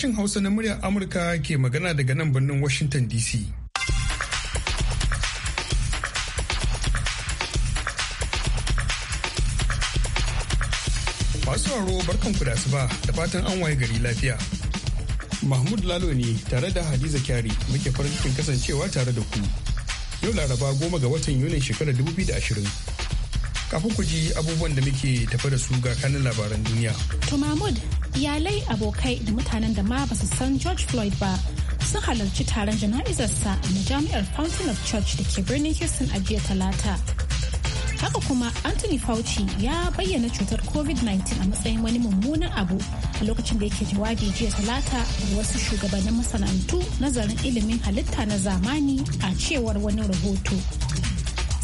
Sashen Hausa na muryar Amurka ke magana daga nan birnin Washington DC. Masu haro ku da asuba da fatan an waye gari lafiya. Mahmud Lalo ne tare da Hadiza Kyari muke farin cikin kasancewa tare da ku. Yau Laraba goma ga watan Yunin shekarar ashirin. Kafin ku ji abubuwan da muke tafa da su ga kanin labaran duniya. To Mahmud, iyalai abokai da mutanen da ma ba su san george floyd ba sun halarci taron jana'izarsa na jami'ar fountain of church da ke birnin houston a jiya talata haka kuma anthony fauci ya bayyana cutar covid-19 a matsayin wani mummunan abu a lokacin da yake jawabi jiya talata da wasu shugabannin masana'antu nazarin ilimin halitta na zamani a cewar wani rahoto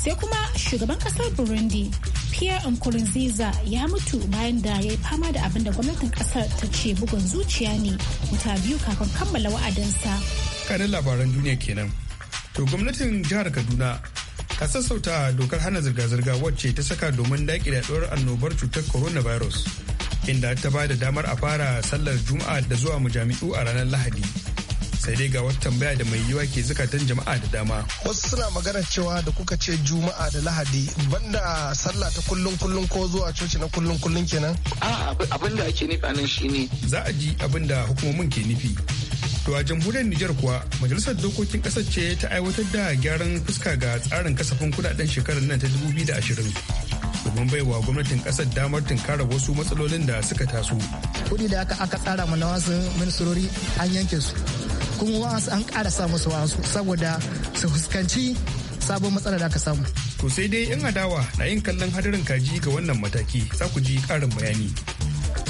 sai kuma shugaban kasar burundi Pierre Nkurunziza ya mutu bayan da ya yi fama da abin da gwamnatin kasar ta ce bugun zuciya ne wuta biyu kafin kammala wa'adinsa. Kanin labaran duniya kenan. To gwamnatin jihar Kaduna ta sassauta dokar hana zirga-zirga wacce ta saka domin daƙile yaɗuwar annobar cutar coronavirus inda ta ba da damar a fara sallar juma'a da zuwa mujami'u a ranar lahadi. sai dai ga wata tambaya da mai yiwa ke zukatan jama'a da dama wasu suna magana cewa da kuka ce juma'a da lahadi banda sallah ta kullun kullun ko zuwa coci na kullun kullun kenan a abin da ake nufi shi shine za a ji abin da hukumomin ke nufi To a jamhuriyar Nijar kuwa majalisar dokokin kasar ce ta aiwatar da gyaran fuska ga tsarin kasafin kudaden shekarar nan ta ashirin domin baiwa gwamnatin kasar damar tunkara wasu matsalolin da suka taso. Kudi da aka tsara mana wasu ministrori an yanke su kuma an kara sa musu wasu saboda su fuskanci sabon matsala da aka samu. To sai dai in adawa na yin kallon hadarin kaji ga wannan mataki za ku ji karin bayani.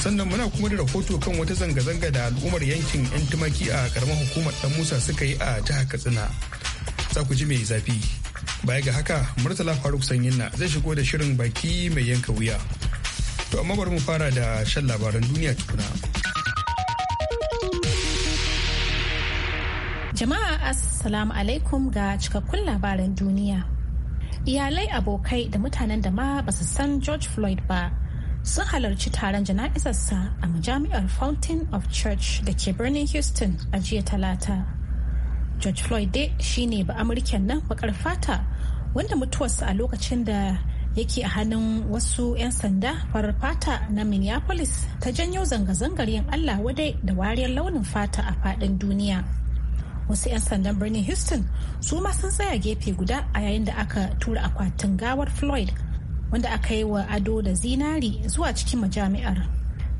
Sannan muna kuma da rahoto kan wata zanga-zanga da al'ummar yankin 'yan tumaki a karamar hukumar ɗan Musa suka yi a jihar Katsina. Za ku ji mai zafi. Baya ga haka Murtala Faruk sanyin na zai shigo da shirin baki mai yanka wuya. To amma bari mu fara da shan labaran duniya tukuna. Jama'a Assalamu alaikum ga cikakkun labaran duniya. Iyalai abokai da mutanen da ma ba su san George Floyd ba sun halarci taron jana'izarsa a majami'ar Fountain of Church da ke birnin Houston a jiya talata. George Floyd dai ne ba Amurken nan bakar fata wanda mutuwarsa a lokacin da yake a hannun wasu 'yan sanda farar fata na Minneapolis ta janyo zanga-zangar yin Allah wadai da wariyar launin fata a faɗin duniya. wasu 'yan sandan birnin houston su ma sun tsaya gefe guda a yayin da aka tura akwatin gawar floyd wanda aka yi wa ado da zinari zuwa cikin majami'ar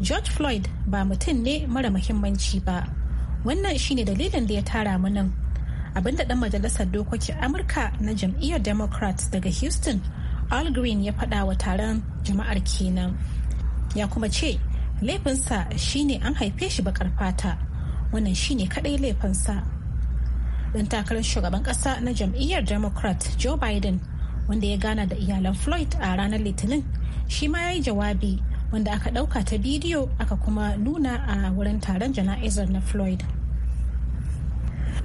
george floyd ba mutum ne mara muhimmanci ba wannan shine dalilin da ya tara mu nan abinda dan majalisar dokokin amurka na jam'iyyar democrats daga houston all green ya faɗa wa taron jama'ar kenan ya kuma ce laifinsa shine an haife shi bakar fata wannan shine kadai laifinsa dan takarar shugaban kasa na jam'iyyar democrat joe biden wanda ya gana da iyalan floyd a ranar litinin shi ma ya yi jawabi wanda aka ɗauka ta bidiyo aka kuma nuna a wurin taron jana'izar na floyd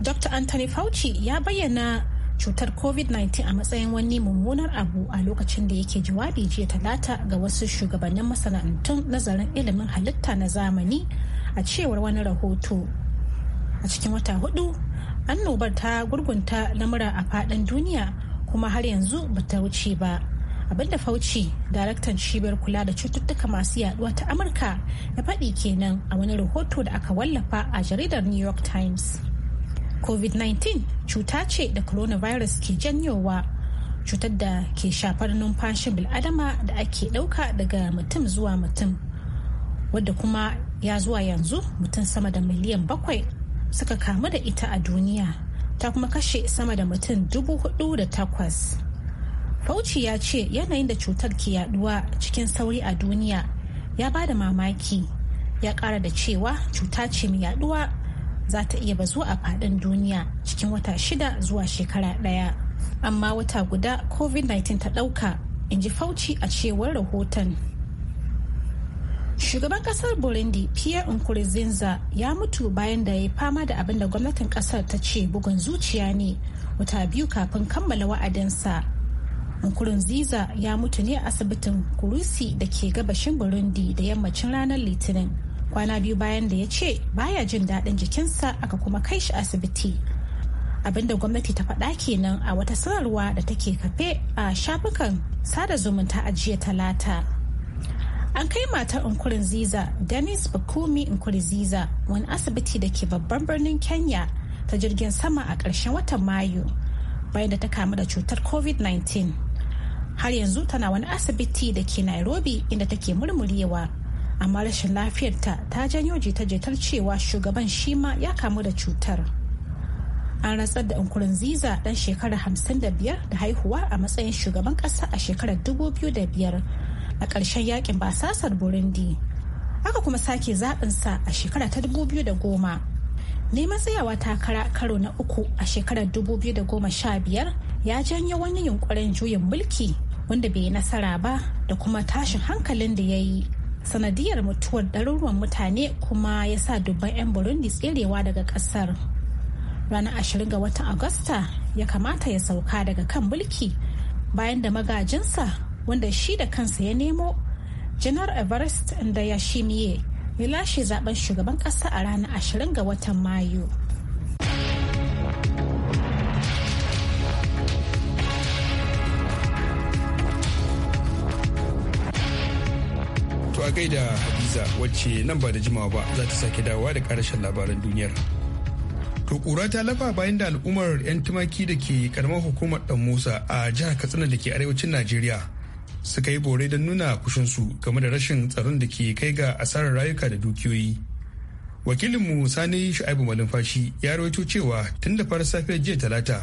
dr anthony fauci ya bayyana cutar covid-19 a matsayin wani mummunar abu a lokacin da yake jawabi jiya talata ga wasu shugabannin masana'antun nazarin ilimin halitta na zamani a cewar wani rahoto a cikin wata hudu annobar ta gurgunta lamura a fadin duniya kuma har yanzu ba ta wuce ba abinda fauci daraktan cibiyar kula da cututtuka masu yaduwa ta amurka ya faɗi kenan a wani rahoto da aka wallafa a jaridar new york times covid-19 cuta ce da coronavirus ke janyowa cutar da ke shafar numfashin bil'adama da ake ɗauka daga mutum zuwa mutum wadda kuma ya zuwa yanzu mutum sama da miliyan bakwai suka kamu da ita a duniya ta kuma kashe sama da mutum dubu hudu da takwas fauci ya ce yanayin da cutar ke yaduwa cikin sauri a duniya ya ba da mamaki ya kara da cewa cuta ce mai yaduwa za ta iya bazu a fadin duniya cikin wata shida zuwa shekara daya amma wata guda covid-19 ta dauka in ji fauci a cewar rahoton Shugaban kasar Burundi Pierre Nkurunziza ya mutu bayan da ya fama da abin da gwamnatin kasar ta ce bugun zuciya ne wata biyu kafin kammala wa'adinsa. Nkurunziza ya mutu ne a asibitin Kurusi da ke gabashin Burundi da yammacin ranar Litinin. Kwana biyu bayan da ya ce baya jin daɗin jikinsa aka kuma kai shi asibiti. abin da gwamnati ta faɗa kenan a wata sanarwa da take kafe a shafukan sada zumunta a jiya talata. an kai matar nkurunziza dennis bakumi nkurunziza wani asibiti da ke babban birnin kenya ta jirgin sama a ƙarshen watan mayu bayan da ta kamu da cutar covid-19 har yanzu tana wani asibiti da ke nairobi inda take murmurewa amma rashin lafiyarta ta janyo jita-jitar cewa shugaban shima ya kamu da cutar an ratsar da unkurin ziza dan shekara 55 da haihuwa a matsayin shugaban ƙasa a shekarar 2005 a ƙarshen yakin basasar burundi aka kuma sake zaɓinsa a shekara ta da goma. neman tsayawa takara karo na uku a shekarar goma sha biyar ya janyo wani yunkurin juyin mulki wanda bai yi nasara ba da kuma tashin hankalin da ya yi sanadiyar mutuwar ɗaruruwan mutane kuma ya sa dubban 'yan burundi tserewa daga ƙasar ranar ashirin ga watan agusta ya kamata ya sauka daga kan mulki bayan da magajinsa wanda shi da kansa ya nemo janar everest da ya shimiye ya lashe zaben shugaban kasa a ranar 20 ga watan mayu to a gaida hadiza wacce nan ba da jimawa ba za ta sake dawowa da karashen labaran duniyar to kura ta lafa bayan da al'ummar 'yan tumaki da ke karamar hukumar dan musa a jihar katsina da ke arewacin najeriya suka yi bore don nuna kushinsu game da rashin tsaron da ke kai ga asarar rayuka da dukiyoyi wakilinmu sani shu'aibu malumfashi ya rawaito cewa tun da fara safiyar jiya talata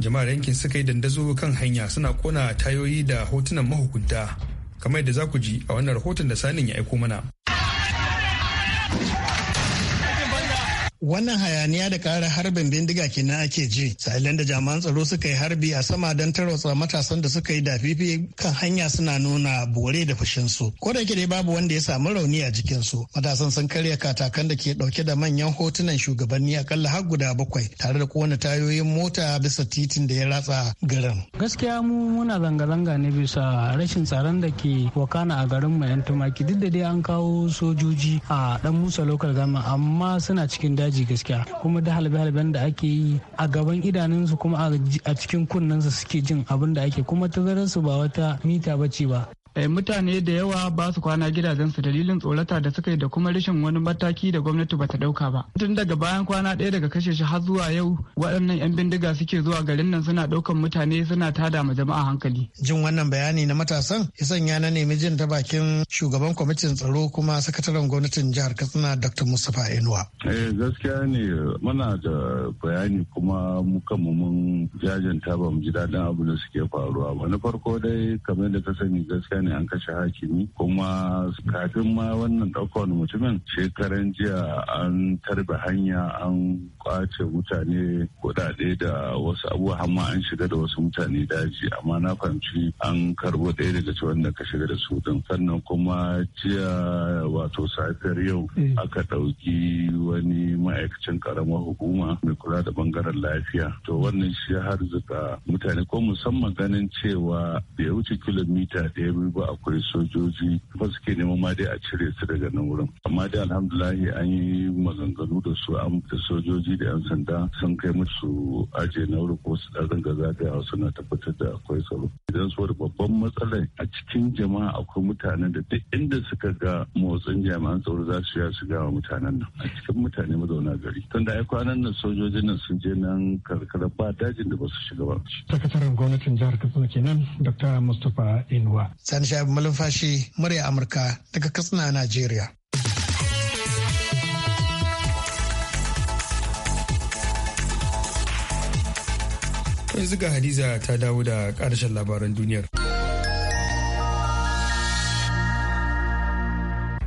jama'ar yankin suka yi dandazo kan hanya suna kona tayoyi da hotunan mahukunta kamar yadda za ku ji a wannan rahoton da sanin ya aiko mana wannan hayaniya da kara harbin bindiga kenan ake ji sa'ilin da jami'an tsaro suka yi harbi a sama don tarwatsa matasan da suka yi dafifi kan hanya suna nuna bore da su. ko da dai babu wanda ya samu rauni a jikin su matasan sun karya katakan da ke dauke da manyan hotunan shugabanni akalla har guda bakwai tare da kowane tayoyin mota bisa titin da ya ratsa garin gaskiya mu muna zanga-zanga ne bisa rashin tsaron da ke wakana a garin mu yan tumaki duk da dai an kawo sojoji a dan musa local gama amma suna cikin daji daji gaskiya kuma da halbe-halben da ake yi a gaban idanunsu kuma a cikin kunnensu suke jin abin da ake kuma tazararsu ba wata mita bace ba Eh, mutane da yawa ba su kwana gidajensu dalilin tsorata da suka yi da kuma rashin wani mataki da gwamnati bata dauka ba tun daga bayan kwana ɗaya daga kashe shi har zuwa yau waɗannan 'yan bindiga suke zuwa garin nan suna ɗaukan mutane suna tada ma jama'a hankali jin wannan bayani na matasan ya sanya na nemi jin ta bakin shugaban kwamitin tsaro kuma sakataren gwamnatin jihar katsina dr mustapha inuwa eh gaskiya ne muna da bayani kuma mu kanmu mun jajanta ba mu ji daɗin abu da suke faruwa ba na farko dai kamar da ka sani gaskiya ne an kashe hakimi kuma kafin ma wannan ɗaukar mutumin shekaran jiya an tarbe hanya an kwace mutane kuɗaɗe da wasu abubuwa amma an shiga da wasu mutane daji amma na fahimci an karbo ɗaya daga cikin wanda ka shiga da su din sannan kuma jiya wato safiyar yau eh. aka ɗauki wani ma'aikacin karamar hukuma mai kula da bangaren lafiya to wannan shi har zuka mutane ko musamman ganin cewa bai wuce kilomita ɗaya ba akwai sojoji kuma suke neman ma dai a cire su daga nan wurin amma dai alhamdulahi an yi maganganu da su an da sojoji da yan sanda sun kai musu aje na wurin ko su dan zanga zagaya suna tabbatar da akwai tsaro idan su wani babban matsalar a cikin jama'a akwai mutanen da duk inda suka ga motsin jami'an tsaro za su ya su wa mutanen nan a cikin mutane mazauna gari tunda ai kwanan nan sojojin nan sun je nan karkara ba dajin da ba su shiga ba sakataren gwamnatin jihar katsina kenan dr mustapha inuwa Sani Sha'ibu Malumfashi murya Amurka daga Katsina, Najeriya. yanzu ga Hadiza ta dawo da karshen labaran duniyar.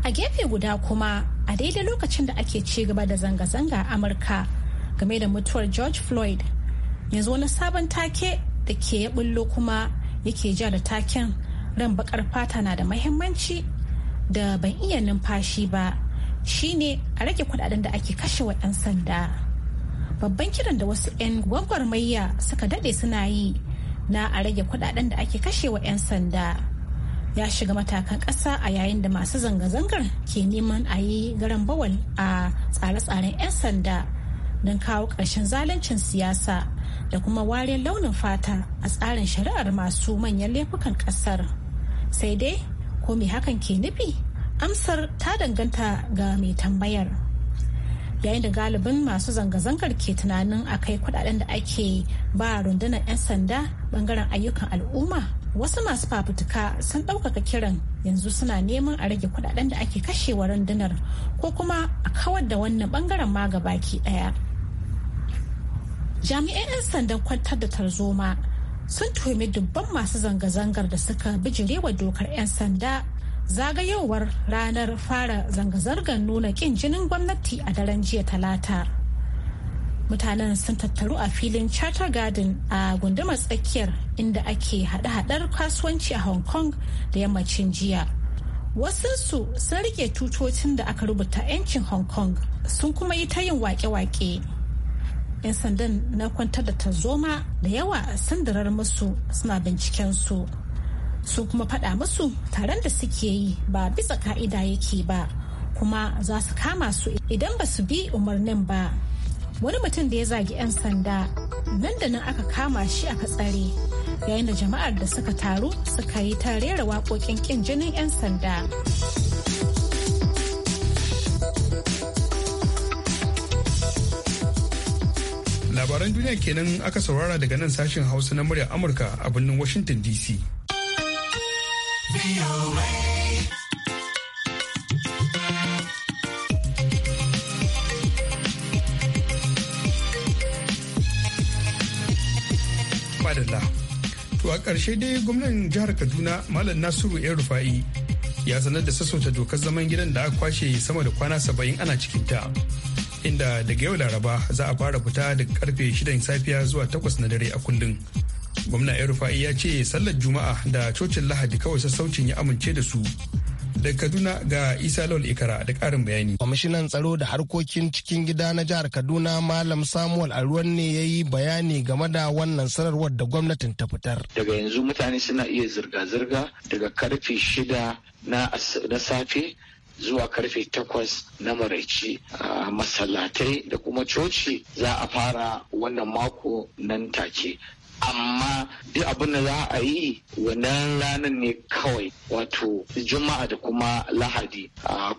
A gefe guda kuma a daidai lokacin da ake ci gaba da zanga-zanga Amurka game da mutuwar George Floyd yanzu wani sabon take da ke ya bullo kuma yake ja da taken ran bakar fata na da mahimmanci da ban iya numfashi ba shine a rage kudaden da ake kashe wa 'yan sanda babban kiran da wasu 'yan gwagwarmayya suka dade suna yi na a rage kudaden da ake kashe wa 'yan sanda ya shiga matakan ƙasa a yayin da masu zanga-zangar ke neman a yi garan bawal a tsare-tsaren 'yan sanda don kawo ƙarshen zaluncin siyasa da kuma wariyar launin fata a tsarin shari'ar masu manyan laifukan ƙasar. sai dai ko me hakan ke nufi amsar ta danganta ga mai tambayar yayin da galibin masu zanga-zangar ke tunanin akai kudaden da ake ba rundunar 'yan sanda bangaren ayyukan al'umma wasu masu fafutuka sun ɗaukaka kiran yanzu suna neman a rage kudaden da ake kashewa rundunar ko kuma a kawar da wannan bangaren ma gabaki ɗaya jami'an 'yan sandan kwantar da tarzoma sun tuhumi dubban masu zanga-zangar da suka bijire wa dokar 'yan sanda zagayowar ranar fara zanga-zangar nuna kin jinin gwamnati a daren jiya talata mutanen sun tattaru a filin charter garden a gundumar tsakiyar inda ake hada-hadar kasuwanci a hong kong da yammacin jiya wasansu sun rike tutocin da aka rubuta 'yancin hong kong sun kuma yi ta yin wake-wake 'yan sandan na kwantar da tarzoma da yawa a dirar musu suna binciken su su kuma faɗa musu taron da suke yi ba bisa ka'ida yake ba kuma za su kama su idan ba su bi umarnin ba wani mutum da ya zagi 'yan sanda nan da nan aka kama shi aka tsare yayin da jama'ar da suka taru suka yi ta rera waƙoƙin ƙin jinin 'yan sanda. labaran duniya kenan aka saurara daga nan sashen hausa na murya amurka a birnin washington dc to a ƙarshe dai gwamnan jihar kaduna malam nasiru yan rufa'i ya sanar da sassauta dokar zaman gidan da aka kwashe sama da kwana saba'in ana cikin ta inda daga yau laraba za a fara fita daga karfe shida safiya zuwa takwas na dare a kullum gwamna rufa'i ya ce sallar juma'a da cocin lahadi kawai sassaucin ya amince da su da kaduna ga isa lawal ikara da karin bayani kwamishinan tsaro da harkokin cikin gida na jihar kaduna malam samuel aruwan ne ya yi bayani game da wannan sanarwar da gwamnatin ta fitar daga yanzu mutane suna iya zirga-zirga daga karfe shida na safe zuwa karfe takwas na maraice a masallatai da kuma coci za a fara wannan mako nan take amma duk abin da za a yi wannan ranar ne kawai wato juma'a da kuma lahadi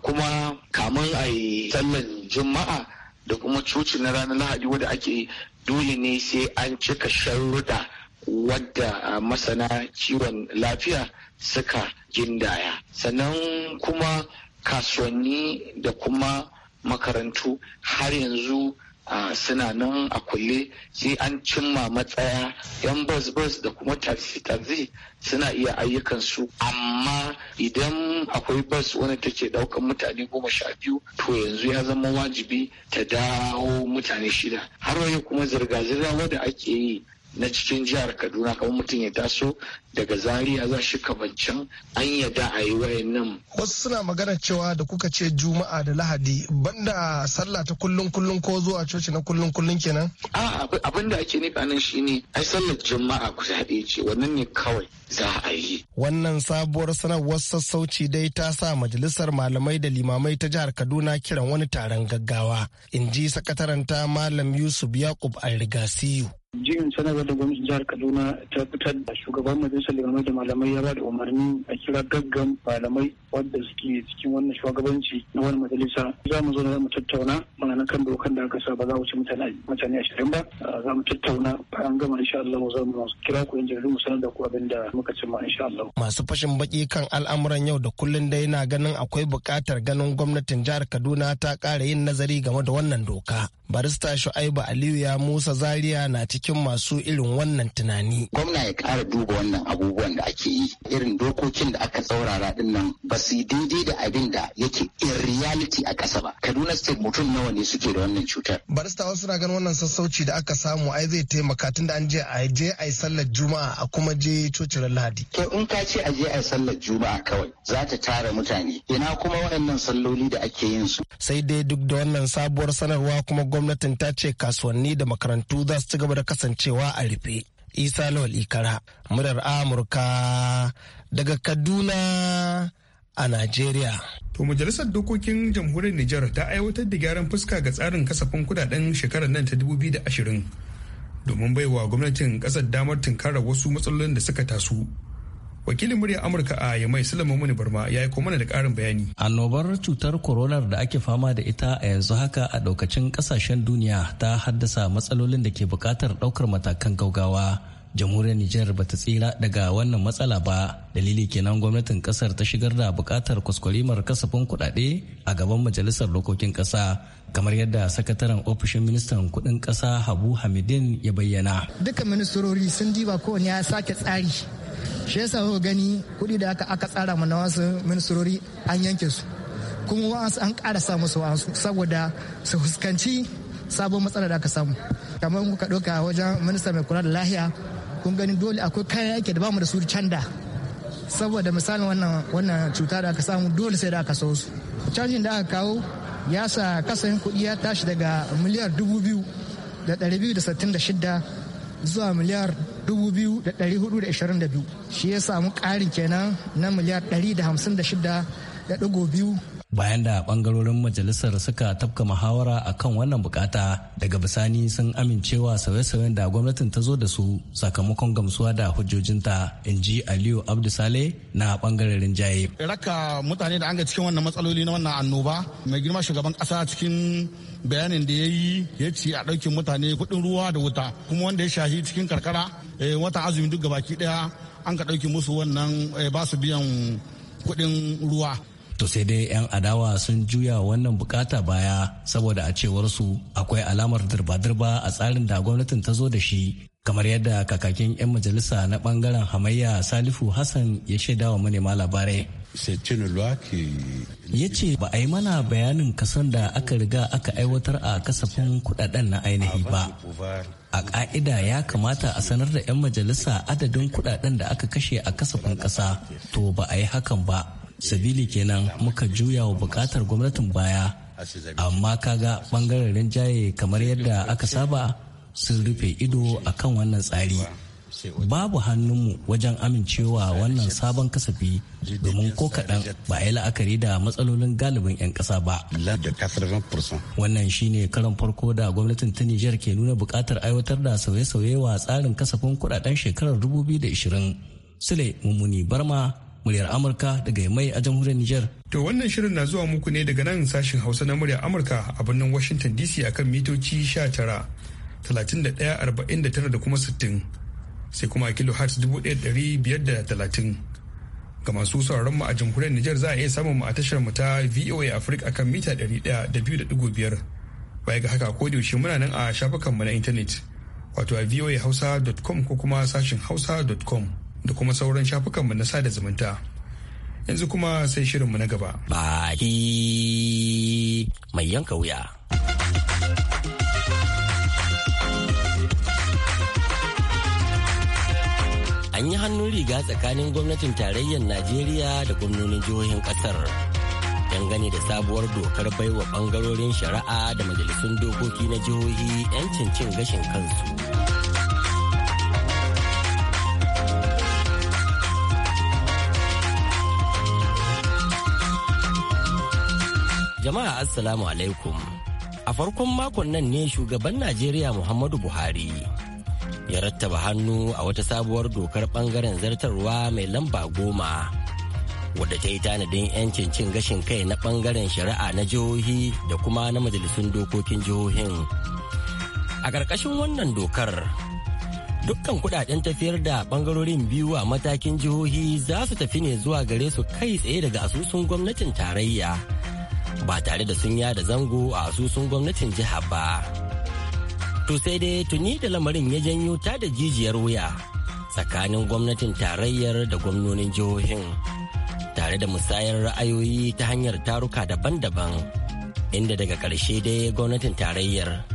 kuma kamar a yi sallan juma'a da kuma coci na ranar lahadi wadda ake dole ne sai an cika sharuɗa wadda masana kiwon lafiya suka gindaya sannan kuma kasuwanni da kuma makarantu har yanzu Uh, suna nan a kulle sai an cimma matsaya yan bas-bas da kuma taxi-taxi suna iya ayyukansu amma idan akwai bas wanda take daukan mutane goma sha biyu to yanzu ya zama wajibi ta dawo mutane shida har yau kuma zirga-zirga wadda ake yi na cikin jihar kaduna kamar mutum ya taso daga zaria za shi kabancan an yadda a yi wayannan wasu suna magana cewa da kuka ce juma'a da lahadi banda sallah ta kullun kullun ko zuwa coci na kullun kullun kenan a abin da ake nufi nan shine ai sallar juma'a ku haɗe ce wannan ne kawai za a yi wannan sabuwar sanarwar sassauci dai ta sa majalisar malamai da limamai ta jihar kaduna kiran wani taron gaggawa in ji sakataren ta malam yusuf yakub alrigasiyu jin sanarwar da gwamnatin jihar kaduna ta fitar da shugaban majalisar limamai da malamai ya ba da umarni a kira gaggan malamai wadda suke cikin wannan shugabanci na wani majalisa za mu zo mu tattauna ma'ana kan dokan da aka sa ba za wuce mutane mutane ashirin ba ah, za mu tattauna bayan gama insha Allah za mu kira ku yan jaridu mu sanar da ku abin da muka cimma insha Allah. Masu fashin baki kan al'amuran yau da kullun dai na ganin akwai buƙatar ganin gwamnatin jihar Kaduna ta ƙara yin nazari game da wannan doka. Barista Shu'aibu Aliyu ya Musa Zaria na cikin cikin masu irin wannan tunani. Gwamna ya ƙara duba wannan abubuwan da ake yi irin dokokin da aka tsaurara din nan ba su daidai da abin da yake in reality a ƙasa ba. Kaduna State mutum nawa ne suke da wannan cutar. Barista wasu na ganin wannan sassauci da aka samu ai zai taimaka tun da an je a je a yi sallar juma'a a kuma je cocin lahadi. To in ka ce a je a yi sallar juma'a kawai za ta tara mutane ina kuma waɗannan salloli da ake yin su. Sai dai duk da wannan sabuwar sanarwa kuma gwamnatin ta ce kasuwanni da makarantu za su ci gaba da kasancewa a rufe. Isa Lawal Ikara, murar Amurka daga Kaduna a Najeriya. To Majalisar Dokokin Jamhuriyar Nijar ta aiwatar da gyaran fuska ga tsarin kasafin kudaden shekarar nan ta ashirin domin baiwa gwamnatin kasar damar tunkarar wasu matsalolin da suka taso. wakilin muryar amurka a yamai sulaiman muni barma ya yi mana da karin bayani annobar cutar koronar da ake fama da ita a yanzu haka a ɗaukacin ƙasashen duniya ta haddasa matsalolin da ke bukatar ɗaukar matakan gaugawa jamhuriyar Nijar bata tsira daga wannan matsala ba dalili kenan gwamnatin kasar ta shigar da bukatar kwaskwarimar kasafin kuɗaɗe a gaban majalisar dokokin ƙasa kamar yadda sakataren ofishin ministan kuɗin ƙasa habu hamidin ya bayyana duka ministerori sun diba kowane ya sake tsari shi yasa kuka gani kuɗi da aka aka tsara mana wasu ministrori an yanke su kuma wasu an ƙara musu wasu saboda su fuskanci sabon matsala da aka samu kamar kuka ɗauka wajen minista mai kula da lahiya kun gani dole akwai kayan aiki da bamu da su canda saboda misalin wannan wannan cuta da aka samu dole sai da aka so su canjin da aka kawo ya sa kasan kuɗi ya tashi daga miliyar dubu biyu da ɗari biyu da sittin da shidda zuwa miliyar 2,422 shi ya samu karin kenan na miliyar 156.2 bayan da bangarorin majalisar suka tafka muhawara a kan wannan bukata daga bisani sun amincewa sauye-sauyen da gwamnatin ta zo da su sakamakon gamsuwa da hujjojinta in ji aliyu abdusale na bangaren rinjaye raka mutane da an ga cikin wannan matsaloli na wannan annoba mai girma shugaban kasa cikin bayanin da ya yi ya ce a ɗaukin mutane kuɗin ruwa da wuta kuma wanda ya shahi cikin karkara eh, wata azumi duk baki ɗaya an ka ɗauke musu wannan eh, ba su biyan kuɗin ruwa to sai dai 'yan adawa sun juya wannan bukata baya saboda a cewar su akwai alamar dirba-dirba a tsarin da gwamnatin ta zo da shi kamar yadda kakakin 'yan majalisa na bangaren hamayya salifu hassan ya shaidawa manema labarai ya ce ba a yi mana bayanin kasan da aka riga aka aiwatar a kasafin kudaden na ainihi ba a ƙa'ida ya kamata a sanar da 'yan majalisa adadin kudaden da aka kashe a kasafin ƙasa to ba a yi hakan ba sabili kenan muka juya wa bukatar gwamnatin baya amma kaga ɓangaren rinjaye kamar yadda aka saba sun rufe ido akan wannan tsari. babu hannunmu wajen amincewa wannan sabon kasafi domin ko kaɗan ba a yi la'akari da matsalolin galibin 'yan ƙasa ba. Wannan shi ne karan farko da gwamnatin ta Nijar ke nuna buƙatar aiwatar da sauye-sauye wa tsarin kasafin kuɗaɗen shekarar 2020. Sule Mummuni Barma, muryar Amurka daga mai a jamhuriyar Nijar. To wannan shirin na zuwa muku ne daga nan sashin Hausa na muryar Amurka a birnin Washington DC akan mitoci 19, 31, 49 da kuma sittin. sai kuma a kilo da talatin ga masu sauraron mu a jamhuriyar Nijar za a iya samun mu a tashar mu ta VOA Africa akan mita da da biyu biyar baya ga haka ko yaushe muna nan a shafukan mu na intanet wato a hausa dot com ko kuma sashin hausa dot com da kuma sauran shafukan mu na sada zumunta yanzu kuma sai shirin mu na gaba baki mai yanka wuya an yi hannun riga tsakanin gwamnatin tarayyar najeriya da gwamnonin jihohin kasar dangane da sabuwar dokar baiwa bangarorin shari'a da majalisun dokoki na jihohi 'yancin cin gashin kansu jama'a assalamu alaikum a farkon makon nan ne shugaban najeriya muhammadu buhari ya rattaba hannu a wata sabuwar dokar bangaren zartarwa mai lamba goma wadda ta yi tanadin 'yancin cin gashin kai na bangaren shari'a na jihohi da kuma na majalisun dokokin jihohin a ƙarƙashin wannan dokar dukkan kudaden tafiyar da bangarorin biyu a matakin jihohi za su tafi ne zuwa gare su kai tsaye daga asusun gwamnatin tarayya ba tare da sun yada zango a asusun gwamnatin jiha ba To sai dai tuni da lamarin ya janyo ta da jijiyar wuya tsakanin gwamnatin tarayyar da gwamnonin jihohin tare da musayar ra'ayoyi ta hanyar taruka daban-daban inda daga ƙarshe dai gwamnatin tarayyar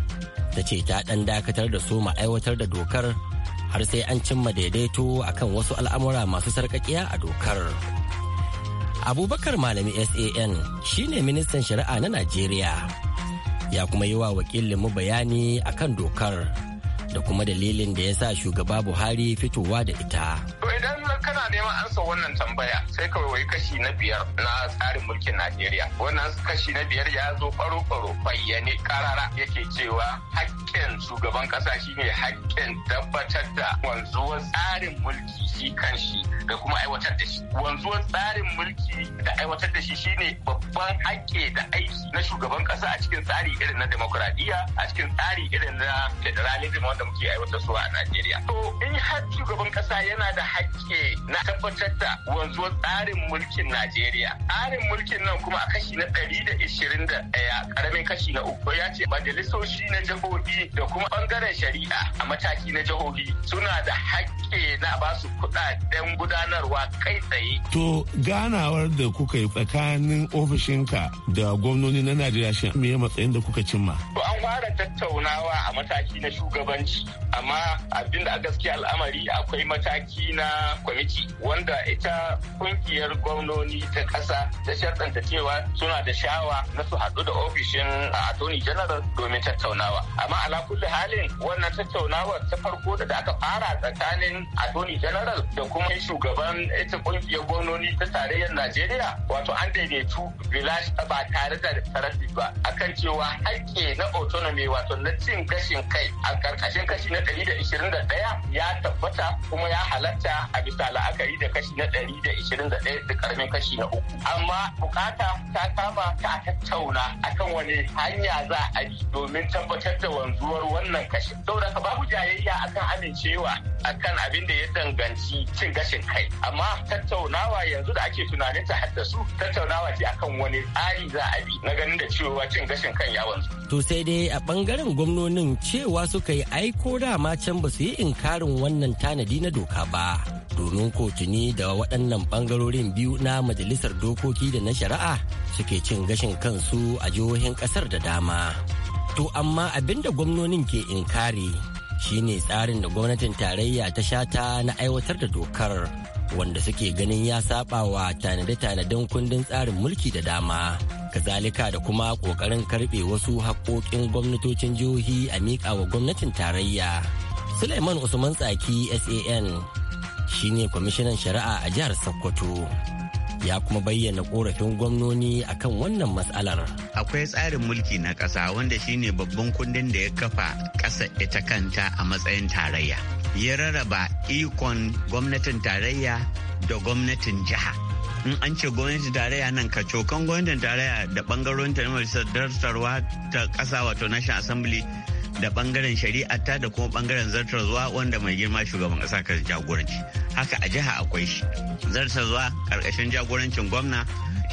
ta ce ta ɗan dakatar da su aiwatar da dokar har sai an cimma daidaito a kan wasu al'amura masu sarƙaƙiya a dokar. Abubakar Malami SAN shine ministan shari'a na Najeriya. ya kuma yi wa wakilinmu bayani akan dokar da kuma dalilin da ya sa shugaba buhari fitowa da ita idan kana neman ansa wannan tambaya sai ka wai kashi na biyar na tsarin mulkin Najeriya. Wannan kashi na biyar ya zo faro-faro bayyane karara yake cewa hakken shugaban kasa shine hakken tabbatar da wanzuwar tsarin mulki shi kan shi da kuma aiwatar da shi. Wanzuwar tsarin mulki da aiwatar da shi shine babban hakke da aiki na shugaban kasa a cikin tsari irin na demokuraɗiyya a cikin tsari irin na federalism wanda muke aiwatar su a Najeriya. To in har shugaban kasa yana da hakke na tabbatar da wanzuwar tsarin mulkin Najeriya. Tsarin mulkin nan kuma a kashi na ɗari da ishirin da ɗaya ƙaramin kashi na uku ya ce majalisoshi na jihohi da kuma ɓangaren shari'a a mataki na jihohi suna da haƙƙi na ba su kuɗaɗen gudanarwa kai tsaye. To ganawar da kuka yi tsakanin ofishinka da gwamnoni na Najeriya shi me matsayin da kuka cimma? To an fara tattaunawa a mataki na shugabanci amma abinda a gaskiya al'amari akwai mataki na kwamiti. aiki wanda ita kungiyar gwamnoni ta ƙasa ta sharɗanta cewa suna da sha'awa na su haɗu da ofishin a atoni general domin tattaunawa amma ala kulli halin wannan tattaunawar ta farko da aka fara tsakanin atoni general da kuma shugaban ita kungiyar gwamnoni ta tarayyar najeriya wato an daidaitu bilash ba tare da tarafi ba akan cewa haƙƙi na autonomy wato na cin gashin kai a ƙarƙashin kashi na 121 ya tabbata kuma ya halatta a bisa la'akari da kashi na ɗari da ishirin da ɗaya da ƙaramin kashi na uku amma bukata ta kama ta tattauna akan wani hanya za a bi domin tabbatar da wanzuwar wannan kashi saboda ka babu jayayya akan amincewa akan abin da ya danganci cin gashin kai amma tattaunawa yanzu da ake tunanin ta su tattaunawa ce akan wani tsari za a bi na ganin da cewa cin gashin kan ya wanzu to sai dai a bangaren gwamnonin cewa suka yi aiko dama can ba su yi inkarin wannan tanadi na doka ba domin domin kotuni da waɗannan ɓangarorin biyu na majalisar dokoki da na shari'a suke cin gashin kansu a jihohin ƙasar da dama to amma abin da gwamnonin ke inkari shine tsarin da gwamnatin tarayya ta shata na aiwatar da dokar wanda suke ganin ya saba wa tanade-tanaden kundin tsarin mulki da dama kazalika da kuma ƙoƙarin karɓe wasu haƙoƙin gwamnatocin jihohi a miƙa wa gwamnatin tarayya suleiman usman tsaki san shine kwamishinan shari'a a jihar sokoto ya kuma bayyana korafin gwamnoni kan wannan matsalar. Akwai tsarin mulki na ƙasa wanda shine babban kundin da ya kafa ƙasa ita kanta a matsayin tarayya. Ya rarraba ikon gwamnatin tarayya da gwamnatin jiha. In an ce gwamnatin tarayya nan ka cokan gwamnatin tarayya da bangarorin ta na ta ƙasa wato National Assembly da bangaren shari'ata da kuma bangaren zuwa wanda mai girma shugaban kasa ka jagoranci haka a jiha akwai shi zartar zuwa karkashin jagorancin gwamna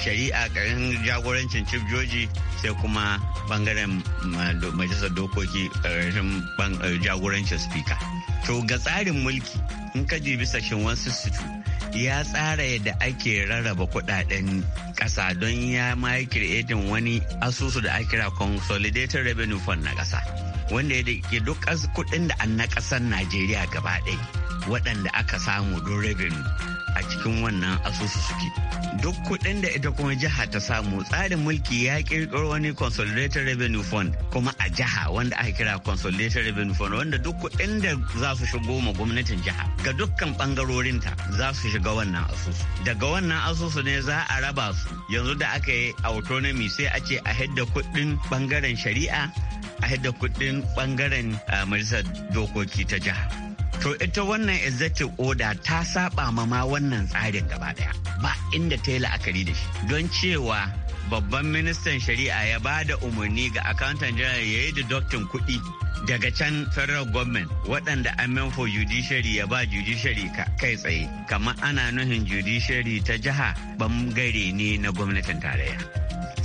shari'a karkashin jagorancin chief joji sai kuma bangaren majalisar dokoki karkashin jagorancin speaker to ga tsarin mulki in ka ji bisa shin 162 ya tsara yadda ake rarraba kudaden kasa don ya ma kiretin wani asusu da ake kira consolidated revenue fund na kasa wanda ya duk kudin da an na kasar najeriya gaba ɗaya waɗanda aka samu don revenue a cikin wannan asusu suke. Duk kuɗin da ita kuma jiha ta samu tsarin mulki ya kirkiro wani Consolidated Revenue Fund kuma a jiha wanda aka kira Consolidated Revenue Fund wanda duk kuɗin da za su shigo ma gwamnatin jiha ga dukkan ɓangarorinta za su shiga wannan asusu. Daga wannan asusu ne za a raba su yanzu da aka yi autonomy sai a ce a hidda kuɗin ɓangaren shari'a a hidda kuɗin ɓangaren eh, majalisar dokoki ta jiha. To ita wannan executive order ta saba ma ma wannan tsarin gaba daya ba inda ta yi la'akari da shi don cewa babban ministan shari'a ya ba da umarni ga accountant general ya yi deducting kuɗi daga can federal government waɗanda amen for judiciary ya ba judiciary kai tsaye kamar ana nuhin judiciary ta jiha bangare ne na gwamnatin tarayya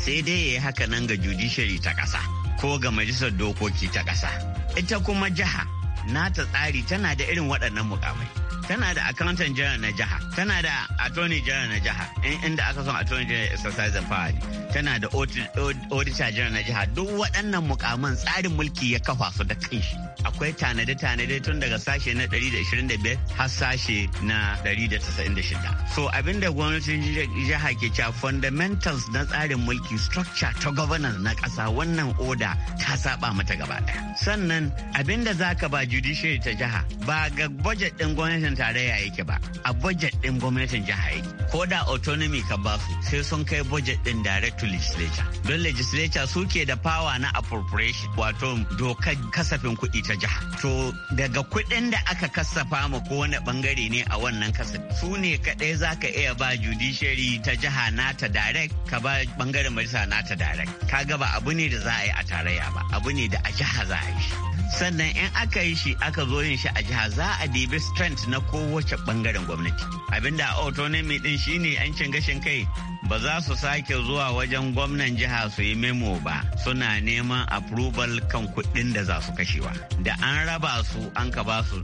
sai dai ya yi haka nan ga judiciary ta ƙasa ko ga majalisar dokoki ta ƙasa ita kuma jiha nata tsari tana da irin waɗannan mukamai tana da accountant general na jiha tana da attorney general na jiha inda aka son attorney general exercise the power tana da auditor general na jiha duk waɗannan mukaman tsarin mulki ya kafa su da kanshi akwai tanade-tanade tun daga sashe na 125 har sashe na 196 so abinda gwamnatin jiha ke cewa fundamentals na tsarin mulki structure ta governance na ƙasa wannan order ta saba mata gaba ɗaya sannan abinda za ka ba judiciary ta jiha ba ga budget ɗin gwamnatin tarayya yake ba a budget din gwamnatin jiha yake ko da autonomy ka ba su sai sun kai budget din direct to legislature don legislature suke da power na appropriation wato dokar kasafin kuɗi ta jiha to daga kuɗin da aka kasafa ma wani bangare ne a wannan kasa su ne kaɗai za ka iya ba judiciary ta jiha nata direct ka ba bangaren majalisa nata direct kaga ba abu ne da za a yi a tarayya ba abu ne da a jiha za a yi sannan in aka yi shi aka zo yin shi a jiha za a dibi strength na kowace bangaren gwamnati abinda a autonomy din shine yancin gashin kai ba za su sake zuwa wajen gwamnan jiha su yi memo ba suna neman approval kan kuɗin da za su kashewa da an raba su an ka ba su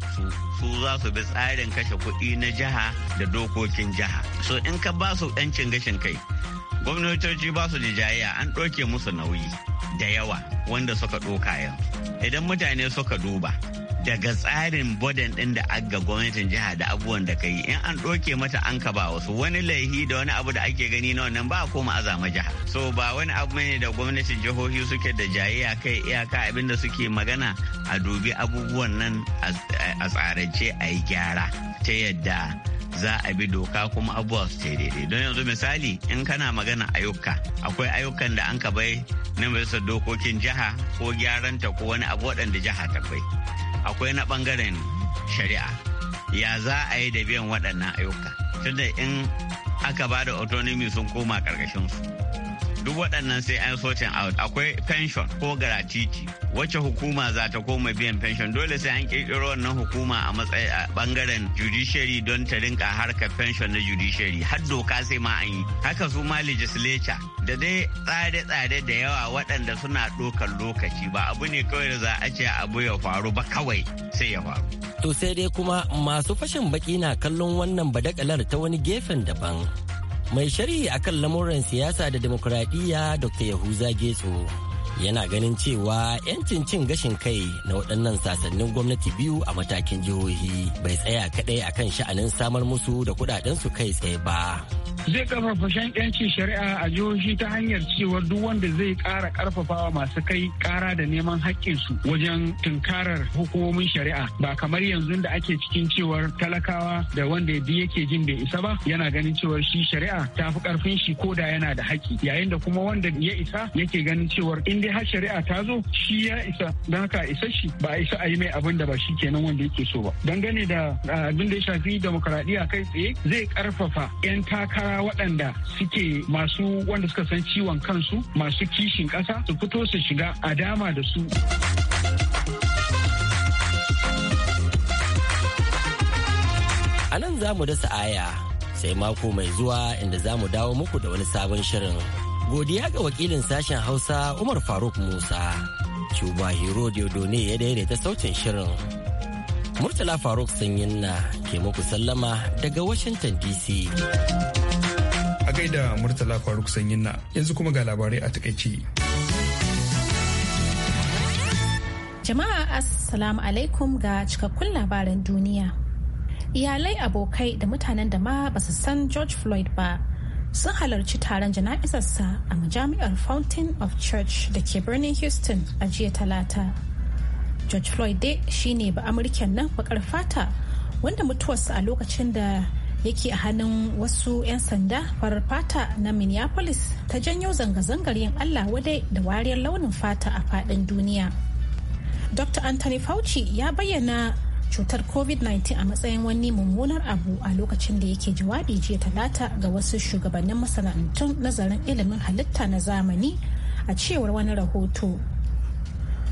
su za su bi tsarin kashe kuɗi na jiha da dokokin jiha so in ka ba su yancin gashin kai gwamnatoci ba su jijaya an ɗauke musu nauyi da yawa wanda suka ɗoka yau idan mutane suka duba daga tsarin bodin ɗin da aga gwamnatin jiha da abubuwan da ka yi in an ɗoke mata an ka ba wasu wani laihi da wani abu da ake gani na wannan ba a koma azama jiha so ba wani abu ne da gwamnatin jihohi suke da jayayya kai iyaka abin da suke magana a dubi abubuwan nan a tsarance a yi gyara ta yadda za a bi doka kuma abubuwa su daidai don yanzu misali in kana magana ayyuka akwai ayyukan da an ka bai na majalisar dokokin jiha ko gyaranta ko wani abu waɗanda jiha ta bai akwai na ɓangaren shari'a ya za a yi da biyan waɗannan ayyuka tunda in aka ba da autonomy sun koma ƙarƙashin su duk waɗannan sai an sorting out akwai pension ko gratuity wacce hukuma za ta koma biyan pension dole sai an kirkiro wannan hukuma a matsayi a bangaren judiciary don ta rinka harkar pension na judiciary har doka sai ma an yi haka su ma legislature da dai tsare-tsare da yawa waɗanda suna ɗaukar lokaci ba abu ne kawai da za a ce abu ya faru ba kawai sai ya faru to sai dai kuma masu fashin baki na kallon wannan badakalar ta wani gefen daban mai shari'i akan lamuran siyasa da demokuraɗiyya dr yahuza getso yana ganin cewa 'yancin cin gashin kai na waɗannan sasannin gwamnati biyu a matakin jihohi bai tsaya kaɗai akan sha'anin samar musu da kuɗaɗen su kai tsaye ba. zai ƙarfafa shan yancin shari'a a jihohi ta hanyar cewa duk wanda zai ƙara ƙarfafawa masu kai ƙara da neman haƙƙinsu wajen tunkarar hukumomin shari'a ba kamar yanzu da ake cikin cewar talakawa da wanda bi yake jin bai isa ba yana ganin cewar shi shari'a ta fi ƙarfin shi ko da yana da haƙƙi yayin da kuma wanda ya isa yake ganin cewar in dai har shari'a ta zo shi ya isa don haka isa shi ba a isa a yi mai abin da ba shi kenan wanda yake so ba dangane da abin da ya shafi demokradiyya kai tsaye zai karfafa 'yan takara waɗanda suke masu wanda suka san ciwon kansu masu kishin ƙasa su fito su shiga a dama da su. A nan za mu dasa aya sai mako mai zuwa inda za mu dawo muku da wani sabon shirin. godiya ga wakilin sashen hausa umar faruk musa cuba hero diodone ya daidaita sautin shirin murtala faruk sanyin na ke muku sallama daga washington dc a gaida murtala faruk sanyin na yanzu kuma ga labarai a takaici jama'a assalamu alaikum ga cikakkun labaran duniya iyalai abokai da mutanen da ma basu san george floyd ba sun halarci taron jana'izarsa a majami'ar fountain of church da ke birnin houston a jiya talata george floyd dai shine ba amurken nan bakar fata wanda mutuwarsa a lokacin da yake a hannun wasu 'yan sanda farar fata na minneapolis ta janyo zanga-zangar yin allah wadai da wariyar launin fata a faɗin duniya dr anthony fauci ya bayyana cutar covid-19 a matsayin wani mummunar abu a lokacin da yake jawabi jiya talata ga wasu shugabannin masana'antun nazarin ilimin halitta na zamani a cewar wani rahoto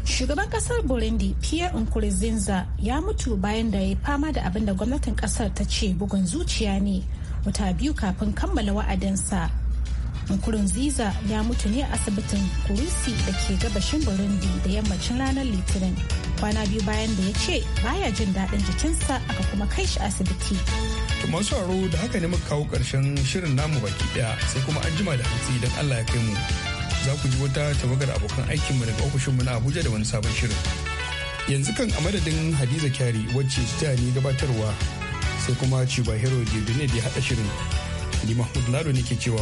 shugaban kasar burundi pierre nkurunziza ya mutu bayan da ya fama da abin da gwamnatin kasar ta ce bugun zuciya ne wata biyu kafin kammala wa'adinsa Nkurunziza ya mutu ne a asibitin kurusi da ke gabashin Burundi da yammacin ranar Litinin. Kwana biyu bayan da ya ce baya jin daɗin jikinsa aka kuma kai shi asibiti. masu aro da haka ne muka kawo ƙarshen shirin namu baki ɗaya sai kuma an jima da hantsi don Allah ya kai mu. Za ku ji wata tawagar abokan aikinmu daga ofishinmu na Abuja da wani sabon shirin. Yanzu kan a madadin Hadiza Kyari wacce ta ni gabatarwa sai kuma Ciba Hero Jirgin da ya haɗa shirin. Ni Mahmud Lado ne ke cewa